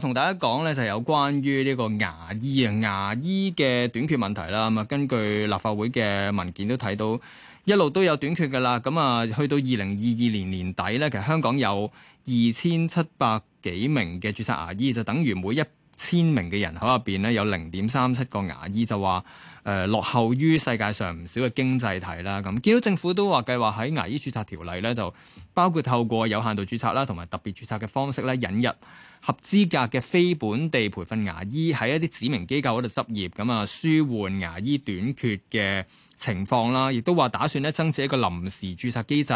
同大家講咧就係有關於呢個牙醫啊，牙醫嘅短缺問題啦，咁啊根據立法會嘅文件都睇到一路都有短缺㗎喇，咁啊去到二零二二年年底咧，其實香港有二千七百幾名嘅註冊牙醫，就等於每一千名嘅人口入邊咧，有零點三七個牙醫就話誒、呃、落後於世界上唔少嘅經濟體啦，咁見到政府都話計劃喺牙醫註冊條例咧就包括透過有限度註冊啦，同埋特別註冊嘅方式咧，引入合資格嘅非本地培訓牙醫喺一啲指明機構度執業，咁啊舒緩牙醫短缺嘅情況啦。亦都話打算咧增設一個臨時註冊機制，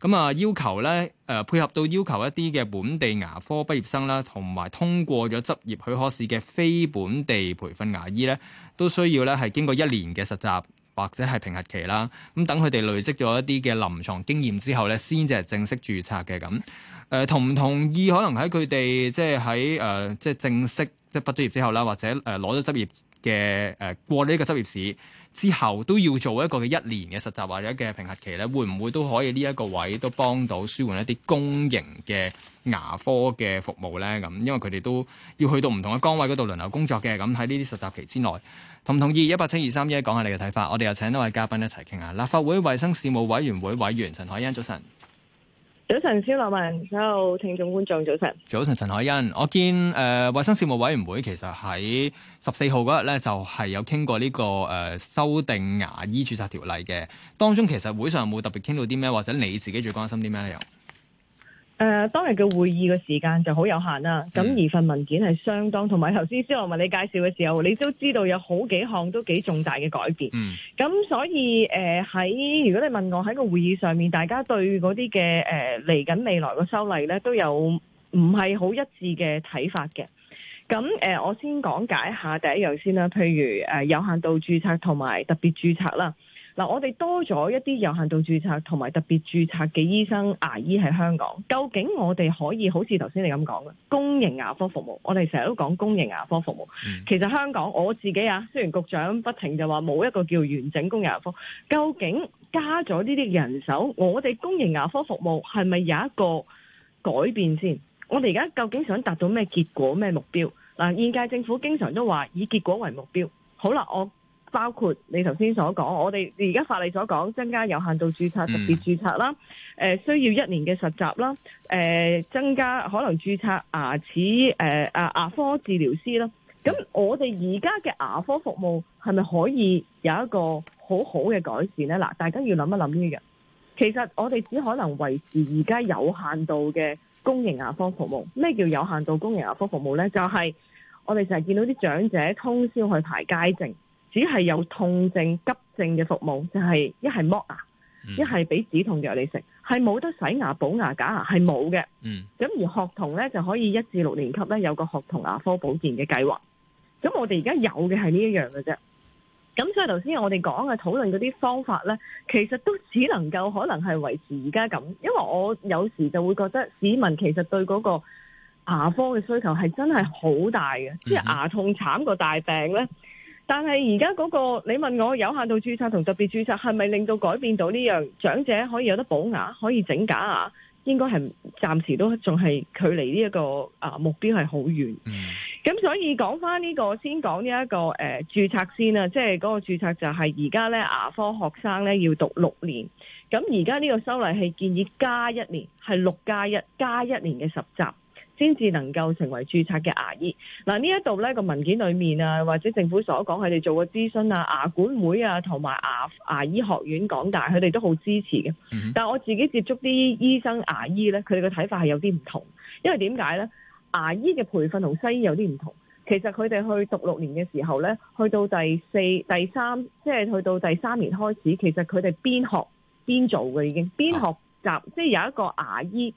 咁啊要求咧誒、呃、配合到要求一啲嘅本地牙科畢業生啦，同埋通過咗執業許可試嘅非本地培訓牙醫咧，都需要咧係經過一年嘅實習。或者係評核期啦，咁等佢哋累積咗一啲嘅臨床經驗之後咧，先至係正式註冊嘅咁。誒、呃、同唔同意？可能喺佢哋即係喺誒即係正式即係畢咗業之後啦，或者誒攞咗執業嘅誒、呃、過呢個執業試之後，都要做一個嘅一年嘅實習或者嘅評核期咧，會唔會都可以呢一個位都幫到舒緩一啲公營嘅牙科嘅服務咧？咁因為佢哋都要去到唔同嘅崗位嗰度輪流工作嘅，咁喺呢啲實習期之內。同唔同意？1, 一八七二三一，講下你嘅睇法。我哋又請多位嘉賓一齊傾下。立法會衛生事務委員會委員陳凱欣，早晨。早晨，蕭樂文，Hello，聽眾觀眾早晨。早晨，陳凱欣，我見誒衛、呃、生事務委員會其實喺十四號嗰日咧，就係、是、有傾過呢、這個誒、呃、修訂牙醫注冊條例嘅當中，其實會上冇特別傾到啲咩，或者你自己最關心啲咩一樣。誒、呃，當日嘅會議嘅時間就好有限啦，咁、嗯、而份文件係相當，同埋頭先肖羅文你介紹嘅時候，你都知道有好幾項都幾重大嘅改變，咁、嗯、所以誒喺、呃、如果你問我喺個會議上面，大家對嗰啲嘅誒嚟緊未來嘅修例咧，都有唔係好一致嘅睇法嘅，咁誒、呃、我先講解一下第一樣先啦，譬如誒、呃、有限度注冊同埋特別注冊啦。嗱，我哋多咗一啲有限度註冊同埋特別註冊嘅醫生牙醫喺香港，究竟我哋可以好似頭先你咁講嘅公營牙科服務，我哋成日都講公營牙科服務，嗯、其實香港我自己啊，雖然局長不停就話冇一個叫完整公營牙科，究竟加咗呢啲人手，我哋公營牙科服務係咪有一個改變先？我哋而家究竟想達到咩結果、咩目標嗱，現屆政府經常都話以結果為目標，好啦，我。包括你頭先所講，我哋而家法例所講增加有限度註冊特別註冊啦，需要一年嘅實習啦、呃，增加可能註冊牙齒、呃、牙科治療師啦，咁我哋而家嘅牙科服務係咪可以有一個很好好嘅改善呢？嗱，大家要諗一諗呢樣，其實我哋只可能維持而家有限度嘅公營牙科服務。咩叫有限度公營牙科服務呢？就係、是、我哋成日見到啲長者通宵去排街症。只係有痛症、急症嘅服務，就係一係剝牙，一係俾止痛藥你食，係冇得洗牙、補牙、假牙，嗯，係冇嘅。咁而學童呢，就可以一至六年級呢，有個學童牙科保健嘅計劃。咁我哋而家有嘅係呢一樣嘅啫。咁所以頭先我哋講嘅討論嗰啲方法呢，其實都只能夠可能係維持而家咁。因為我有時就會覺得市民其實對嗰個牙科嘅需求係真係好大嘅，即係、嗯、哼牙痛慘過大病呢。但係而家嗰個，你問我有限度註冊同特別註冊係咪令到改變到呢樣，長者可以有得補牙，可以整假牙，應該係暫時都仲係距離呢一個啊目標係好遠。咁、嗯、所以講翻呢個，先講、這個呃就是、呢一個誒註冊先啦，即係嗰個註冊就係而家咧牙科學生咧要讀六年，咁而家呢個修例係建議加一年，係六加一加一年嘅實習。先至能夠成為註冊嘅牙醫嗱，呢一度呢個文件裏面啊，或者政府所講，佢哋做嘅諮詢啊，牙管會啊，同埋牙牙醫學院講，但係，佢哋都好支持嘅。但係我自己接觸啲醫生牙醫呢，佢哋嘅睇法係有啲唔同，因為點解呢？牙醫嘅培訓同西醫有啲唔同。其實佢哋去讀六年嘅時候呢，去到第四、第三，即係去到第三年開始，其實佢哋邊學邊做嘅已經，邊學習、啊、即係有一個牙醫。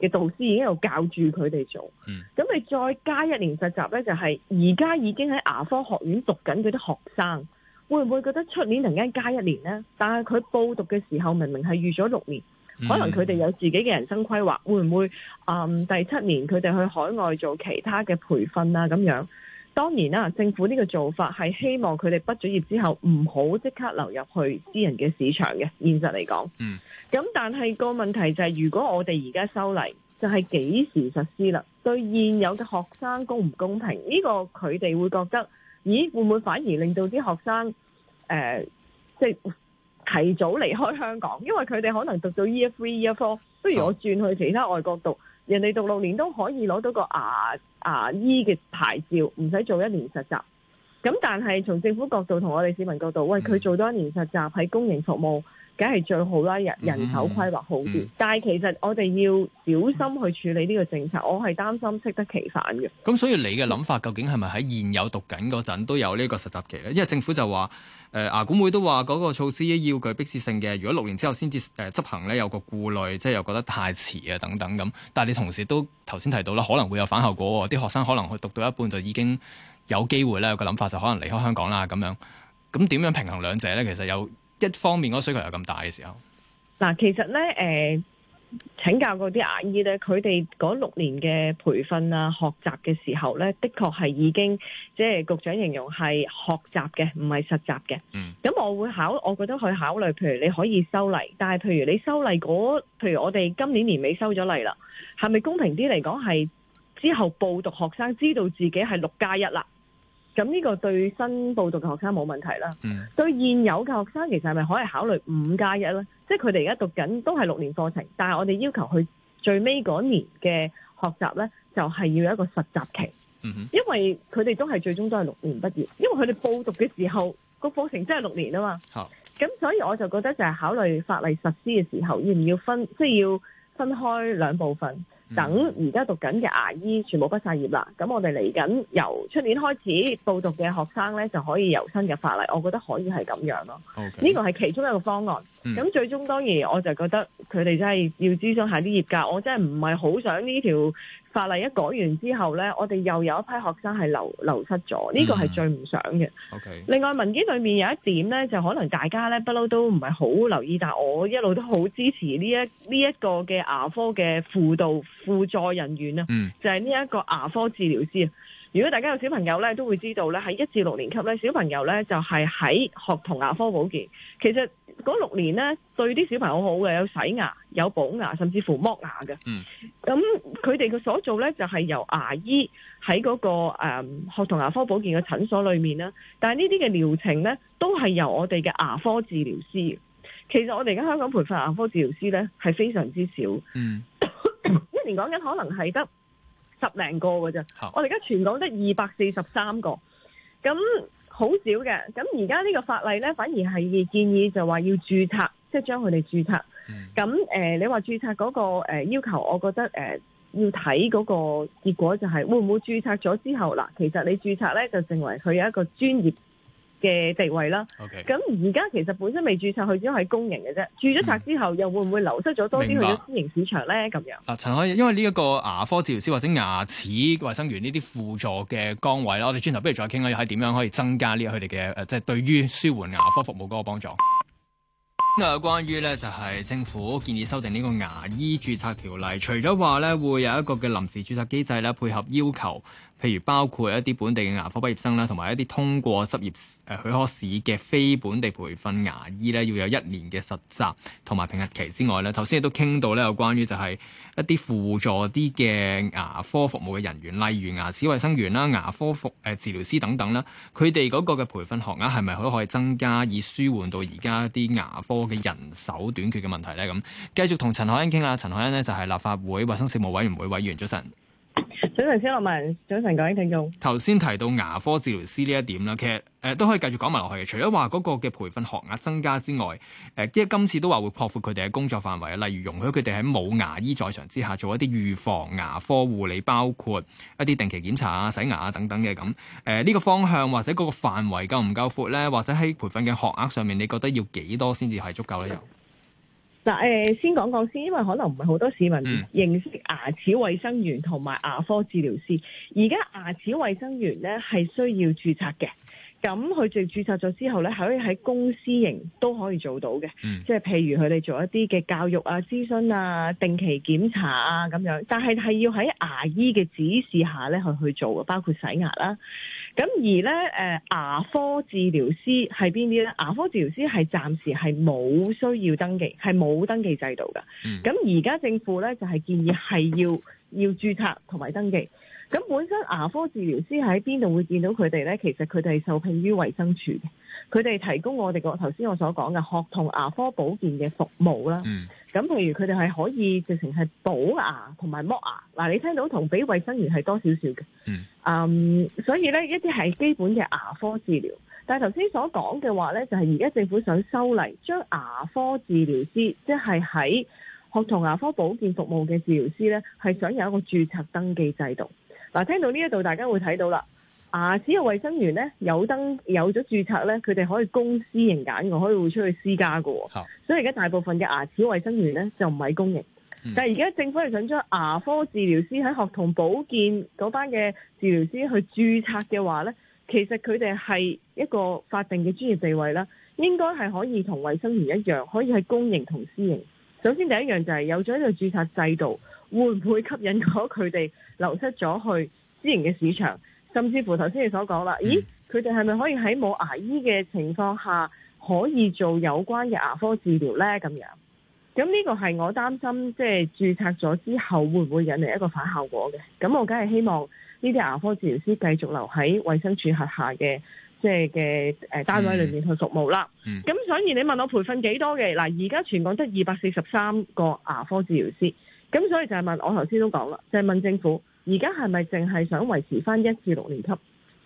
嘅導師已經有教住佢哋做，咁你再加一年實習呢，就係而家已經喺牙科學院讀緊佢啲學生，會唔會覺得出年突然間加一年呢？但係佢報讀嘅時候明明係預咗六年，可能佢哋有自己嘅人生規劃，會唔會啊、嗯？第七年佢哋去海外做其他嘅培訓啦、啊，咁樣。當然啦，政府呢個做法係希望佢哋畢咗業之後唔好即刻流入去私人嘅市場嘅。現實嚟講，嗯，咁但係個問題就係，如果我哋而家收嚟，就係幾時實施啦？對現有嘅學生公唔公平？呢個佢哋會覺得，咦，會唔會反而令到啲學生誒，即提早離開香港？因為佢哋可能讀到 F three F four，不如我轉去其他外國讀。哦人哋讀六年都可以攞到個牙、啊、牙、啊、醫嘅牌照，唔使做一年實習。咁但係從政府角度同我哋市民角度，喂，佢做多一年實習喺公營服務。梗係最好啦，人，人口規劃好啲。嗯嗯、但係其實我哋要小心去處理呢個政策，嗯、我係擔心適得其反嘅。咁所以你嘅諗法究竟係咪喺現有讀緊嗰陣都有呢個實習期咧？因為政府就話，誒、呃，牙管會都話嗰個措施要具迫切性嘅。如果六年之後先至誒執行咧，有個顧慮，即係又覺得太遲啊等等咁。但係你同時都頭先提到啦，可能會有反效果，啲學生可能去讀到一半就已經有機會咧有個諗法，就可能離開香港啦咁樣。咁點樣平衡兩者咧？其實有。一方面個需求有咁大嘅時候，嗱，其實咧，誒、呃，請教嗰啲牙醫咧，佢哋嗰六年嘅培訓啊、學習嘅時候咧，的確係已經即係局長形容係學習嘅，唔係實習嘅。嗯，咁我會考，我覺得去考慮，譬如你可以修例，但係譬如你修例嗰，譬如我哋今年年尾修咗例啦，係咪公平啲嚟講係之後報讀學生知道自己係六加一啦？咁呢個對新報讀嘅學生冇問題啦。嗯、對現有嘅學生，其實係咪可以考慮五加一咧？即係佢哋而家讀緊都係六年課程，但係我哋要求佢最尾嗰年嘅學習咧，就係、是、要有一個實習期，嗯、哼因為佢哋都係最終都係六年畢業，因為佢哋報讀嘅時候個課程真係六年啊嘛。咁好所以我就覺得就係考慮法例實施嘅時候，要唔要分，即、就、係、是、要分開兩部分。嗯、等而家讀緊嘅牙醫全部畢晒業啦，咁我哋嚟緊由出年開始報讀嘅學生呢，就可以由新嘅法例，我覺得可以係咁樣咯。呢 Okay, 個係其中一個方案。咁、嗯、最終當然，我就覺得佢哋真係要諮詢下啲業界，我真係唔係好想呢條。法例一改完之後呢，我哋又有一批學生係流流失咗，呢個係最唔想嘅。嗯、另外 Okay. 文件裏面有一點呢，就可能大家呢不嬲都唔係好留意，但係我一路都好支持呢一呢一個嘅牙科嘅輔導輔助人員就係呢一個牙科、嗯、個牙科治療師。如果大家有小朋友咧，都會知道咧，喺一至六年級咧，小朋友咧就係喺學童牙科保健。其實嗰六年咧，對啲小朋友好嘅，有洗牙、有補牙，甚至乎剝牙嘅。嗯。咁佢哋嘅所做咧，就係由牙醫喺嗰個學童牙科保健嘅診所裏面啦。但係呢啲嘅療程咧，都係由我哋嘅牙科治療師。其實我哋而家香港培訓牙科治療師咧，係非常之少。嗯。 一年講緊可能係得。十零個嘅啫，好我哋而家全港得二百四十三個，咁好少嘅。咁而家呢個法例呢，反而係建議就話要註冊，即係將佢哋註冊。咁，呃，你話註冊嗰個，呃，要求，我覺得，呃，要睇嗰個結果，就係會唔會註冊咗之後，嗱，其實你註冊呢，就成為佢有一個專業。嘅地位啦。咁而家其實本身未註冊佢只係公營嘅啫，注咗冊之後又會唔會流失咗多啲、嗯、去咗私營市場咧？咁樣。啊，陳凱，因為呢一個牙科治療師或者牙齒衞生員呢啲輔助嘅崗位咧，我哋轉頭不如再傾下，又係點樣可以增加呢？佢哋嘅誒，即係對於舒緩牙科服務嗰個幫助。啊，關於呢，就係政府建議修訂呢個牙醫註冊條例，除咗話咧會有一個嘅臨時註冊機制咧，配合要求。譬如包括一啲本地嘅牙科畢業生啦，同埋一啲通過執業誒許可試嘅非本地培訓牙醫咧，要有一年嘅實習同埋評核期之外咧，頭先亦都傾到咧，有關於就係一啲輔助啲嘅牙科服務嘅人員，例如牙齒衛生員啦、牙科服、誒、呃、治療師等等啦，佢哋嗰個嘅培訓學額係咪可可以增加，以舒緩到而家啲牙科嘅人手短缺嘅問題咧？咁繼續同陳凱欣傾啦，陳凱欣咧就係立法會衛生事務委員會委員早晨。早晨，小我問早晨，各位聽眾。頭先提到牙科治療師呢一點啦，其實誒都可以繼續講埋落去嘅。除咗話嗰個嘅培訓學額增加之外，誒，今次都話會擴闊佢哋嘅工作範圍啊，例如容許佢哋喺冇牙醫在場之下做一啲預防牙科護理，包括一啲定期檢查啊、洗牙啊等等嘅咁。誒，呢個方向或者嗰個範圍夠唔夠闊咧？或者喺培訓嘅學額上面，你覺得要幾多先至係足夠咧？又？嗱，誒，先講講先，因為可能唔係好多市民認識牙齒衛生員同埋牙科治療師，而家牙齒衛生員咧係需要註冊嘅。咁佢哋註冊咗之後咧，係可以喺公司型都可以做到嘅，即係譬如佢哋做一啲嘅教育啊、諮詢啊、定期檢查啊咁樣。但係係要喺牙醫嘅指示下咧去去做，包括洗牙啦。咁而咧，誒牙科治療師係邊啲咧？牙科治療師係暫時係冇需要登記，係冇登記制度㗎。咁而家政府咧就係建議係要要註冊同埋登記。咁本身牙科治療師喺邊度會見到佢哋咧？其實佢哋係受聘於衛生署嘅，佢哋提供我哋個頭先我所講嘅學童牙科保健嘅服務啦。咁、嗯、譬如佢哋係可以直情係補牙同埋剝牙。嗱，你聽到同比衛生員係多少少嘅。嗯，um, 所以咧一啲係基本嘅牙科治療。但係頭先所講嘅話咧，就係而家政府想修例，將牙科治療師即係喺學童牙科保健服務嘅治療師咧，係想有一個註冊登記制度。嗱，聽到呢一度，大家會睇到啦。牙齒嘅衛生員呢，有登有咗註冊呢，佢哋可以公私營揀，我可以會出去私家喎。好所以而家大部分嘅牙齒衛生員呢，就唔係公營。嗯、但而家政府係想將牙科治療師喺學童保健嗰班嘅治療師去註冊嘅話呢，其實佢哋係一個法定嘅專業地位啦，應該係可以同衛生員一樣，可以係公營同私營。首先第一樣就係、是、有咗呢個註冊制度，會唔會吸引咗佢哋？流失咗去私人嘅市場，甚至乎頭先你所講啦，mm hmm. 咦，佢哋係咪可以喺冇牙醫嘅情況下可以做有關嘅牙科治療呢？咁樣，咁呢個係我擔心，即係註冊咗之後會唔會引嚟一個反效果嘅？咁我梗係希望呢啲牙科治療師繼續留喺衞生署轄下嘅，即係嘅誒單位裏面去服務啦。咁所以你問我培訓幾多嘅？嗱，而家全港得二百四十三個牙科治療師。咁所以就係問我頭先都講啦，就係、是、問政府而家係咪淨係想維持翻一至六年級？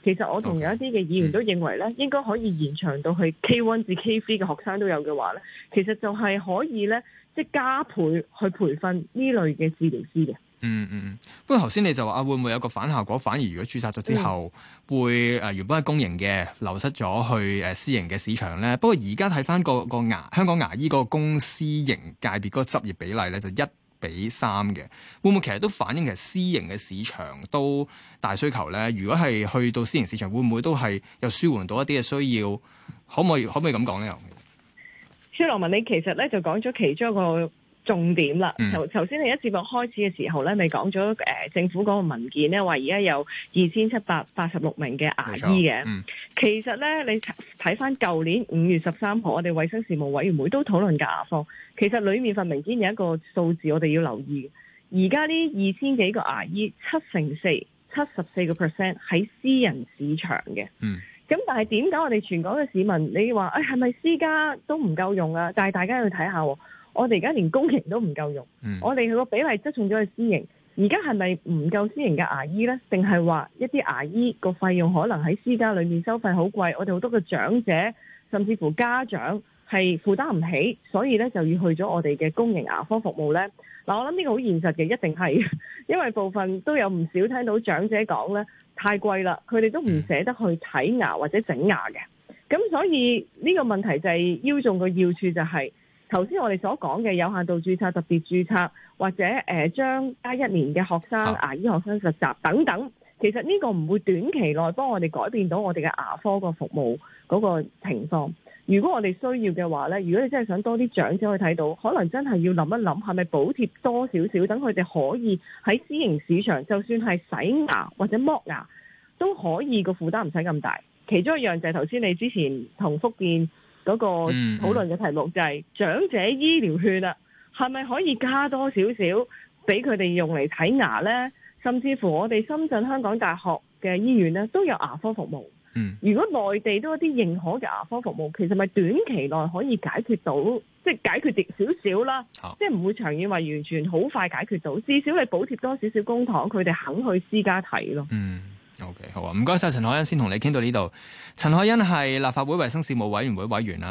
其實我同有一啲嘅議員都認為咧，Okay. 應該可以延長到去 K1 至 K3 嘅學生都有嘅話咧，其實就係可以咧，即係加倍去培訓呢類嘅治療師嘅。嗯嗯嗯。不過頭先你就話啊，會唔會有個反效果？反而如果注冊咗之後，嗯、會誒、呃、原本係公營嘅流失咗去誒、呃、私營嘅市場咧？不過而家睇翻個、那個牙香港牙醫個公私營界別嗰個執業比例咧，就一比三嘅，會唔會其實都反映其實私營嘅市場都大需求咧？如果係去到私營市場，會唔會都係有舒緩到一啲嘅需要？可唔可以，可唔可以咁講咧？又肖羅文，你其實咧就講咗其中一個。重點啦，頭頭先你一節目開始嘅時候咧，咪講咗誒政府嗰個文件咧，話而家有二千七百八十六名嘅牙醫嘅。嗯、其實咧，你睇翻舊年五月十三號，我哋衛生事務委員會都討論嘅牙科，其實裏面份文件有一個數字，我哋要留意。而家呢二千幾個牙醫，七成四，七十四個 percent 喺私人市場嘅。咁、嗯、但係點解我哋全港嘅市民，你話誒係咪私家都唔夠用啊？但係大家去睇下。我哋而家連公營都唔夠用。嗯、我哋個比例側重咗去私營，而家係咪唔夠私營嘅牙醫呢？定係話一啲牙醫個費用可能喺私家裏面收費好貴，我哋好多嘅長者甚至乎家長係負擔唔起，所以咧就要去咗我哋嘅公營牙科服務呢。嗱，我諗呢個好現實嘅，一定係，因為部分都有唔少聽到長者講呢太貴啦，佢哋都唔捨得去睇牙或者整牙嘅，咁所以呢個問題就係腰重個要處就係、是。頭先我哋所講嘅有限度註冊，特別註冊或者誒將加一年嘅學生牙醫學生實習等等，其實呢個唔會短期內幫我哋改變到我哋嘅牙科個服務嗰個情況。如果我哋需要嘅話呢，如果你真係想多啲長者可以睇到，可能真係要諗一諗，係咪補貼多少少，等佢哋可以喺私營市場，就算係洗牙或者剝牙，都可以，個負擔唔使咁大。其中一樣就係頭先你之前同福建。嗰個討論嘅題目就係長者醫療券啊，係咪可以加多少少俾佢哋用嚟睇牙呢？甚至乎我哋深圳香港大學嘅醫院呢都有牙科服務。嗯，如果內地都有啲認可嘅牙科服務，其實咪短期內可以解決到，即係解決少少啦，好即係唔會長遠話完全好快解決到。至少你補貼多少少公帑，佢哋肯去私家睇咯。嗯。O.K. 好啊，唔該晒陳凱欣先，先同你傾到呢度。陳凱欣係立法會衛生事務委員會委員啊。